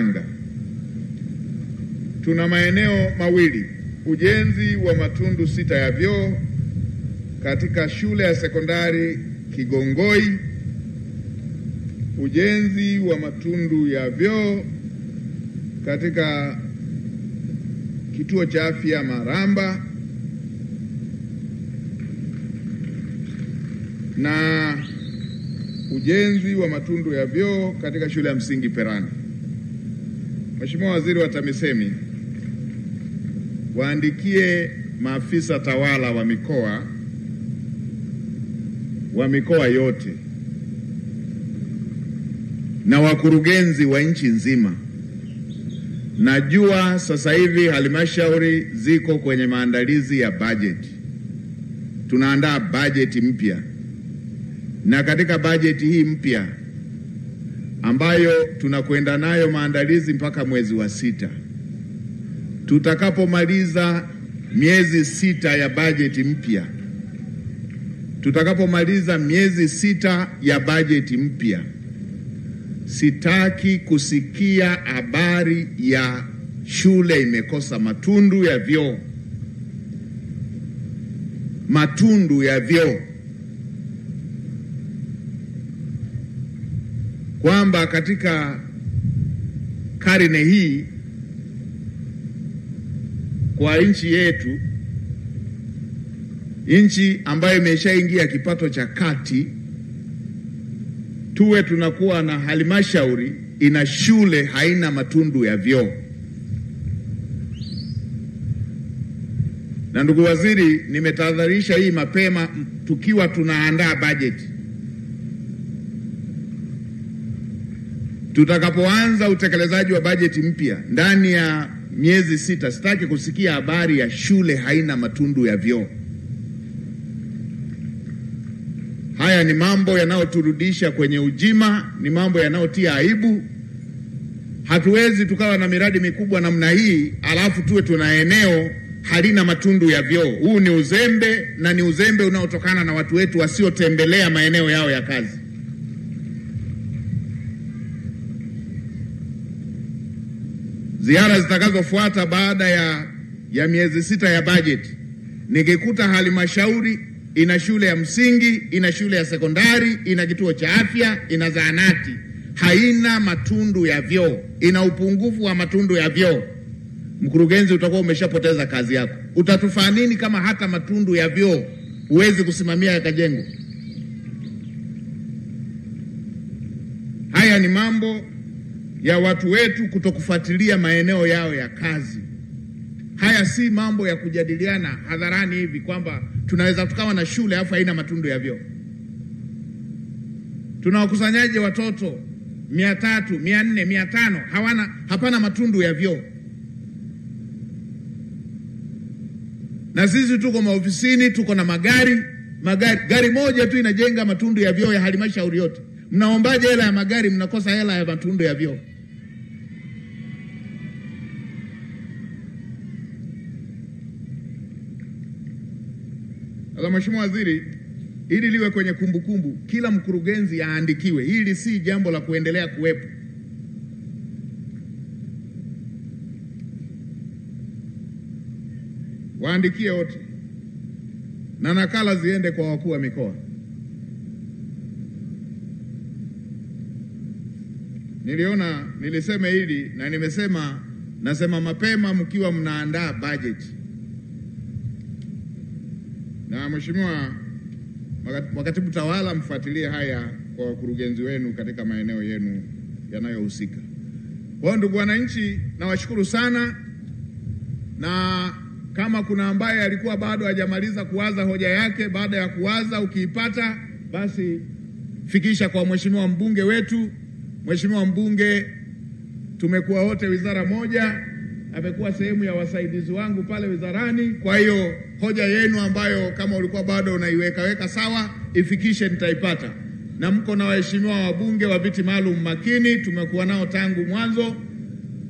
Tanga. Tuna maeneo mawili: ujenzi wa matundu sita ya vyoo katika shule ya sekondari Kigongoi, ujenzi wa matundu ya vyoo katika kituo cha afya Maramba na ujenzi wa matundu ya vyoo katika shule ya msingi Perani. Mheshimiwa Waziri wa TAMISEMI, waandikie maafisa tawala wa mikoa wa mikoa yote na wakurugenzi wa nchi nzima. Najua sasa hivi halmashauri ziko kwenye maandalizi ya bajeti, tunaandaa bajeti mpya, na katika bajeti hii mpya ambayo tunakwenda nayo maandalizi mpaka mwezi wa sita. Tutakapomaliza miezi sita ya bajeti mpya, tutakapomaliza miezi sita ya bajeti mpya, sitaki kusikia habari ya shule imekosa matundu ya vyoo, matundu ya vyoo. kwamba katika karne hii kwa nchi yetu, nchi ambayo imeshaingia kipato cha kati, tuwe tunakuwa na halmashauri ina shule haina matundu ya vyoo. Na ndugu waziri, nimetahadharisha hii mapema tukiwa tunaandaa bajeti Tutakapoanza utekelezaji wa bajeti mpya ndani ya miezi sita, sitaki kusikia habari ya shule haina matundu ya vyoo. Haya ni mambo yanayoturudisha kwenye ujima, ni mambo yanayotia aibu. Hatuwezi tukawa na miradi mikubwa namna hii alafu tuwe tuna eneo halina matundu ya vyoo. Huu ni uzembe, na ni uzembe unaotokana na watu wetu wasiotembelea maeneo yao ya kazi. ziara zitakazofuata baada ya, ya miezi sita ya bajeti, nikikuta halmashauri ina shule ya msingi, ina shule ya sekondari, ina kituo cha afya, ina zahanati, haina matundu ya vyoo, ina upungufu wa matundu ya vyoo, mkurugenzi, utakuwa umeshapoteza kazi yako. Utatufaa nini kama hata matundu ya vyoo huwezi kusimamia yakajengwa? Haya ni mambo ya watu wetu kutokufuatilia maeneo yao ya kazi. Haya si mambo ya kujadiliana hadharani hivi kwamba tunaweza tukawa na shule afu haina matundu ya vyoo. Tunawakusanyaje watoto mia tatu mia nne mia tano hawana hapana matundu ya vyoo, na sisi tuko maofisini, tuko na magari magari. Gari moja tu inajenga matundu ya vyoo ya halmashauri yote. Mnaombaje hela ya magari, mnakosa hela ya matundu ya vyoo. Sasa Mheshimiwa Waziri, ili liwe kwenye kumbukumbu kumbu, kila mkurugenzi aandikiwe. Hili si jambo la kuendelea kuwepo. Waandikie wote na nakala ziende kwa wakuu wa mikoa. Niliona nilisema hili na nimesema nasema mapema mkiwa mnaandaa bajeti na Mheshimiwa wakatibu tawala, mfuatilie haya kwa wakurugenzi wenu katika maeneo yenu yanayohusika. Kwa ndugu wananchi, nawashukuru sana, na kama kuna ambaye alikuwa bado hajamaliza kuwaza hoja yake, baada ya kuwaza ukiipata, basi fikisha kwa mheshimiwa mbunge wetu. Mheshimiwa mbunge, tumekuwa wote wizara moja amekuwa sehemu ya wasaidizi wangu pale wizarani. Kwa hiyo hoja yenu ambayo kama ulikuwa bado unaiwekaweka sawa, ifikishe, nitaipata. Na mko na waheshimiwa wabunge wa viti maalum makini, tumekuwa nao tangu mwanzo.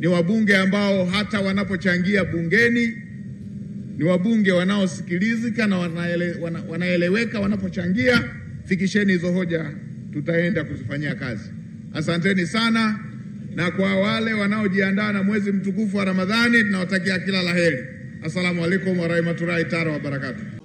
Ni wabunge ambao hata wanapochangia bungeni ni wabunge wanaosikilizika na wanaele, wana, wanaeleweka wanapochangia. Fikisheni hizo hoja, tutaenda kuzifanyia kazi. Asanteni sana na kwa wale wanaojiandaa na mwezi mtukufu wa Ramadhani tunawatakia kila la heri. Assalamu alaikum warahmatullahi taala wabarakatu.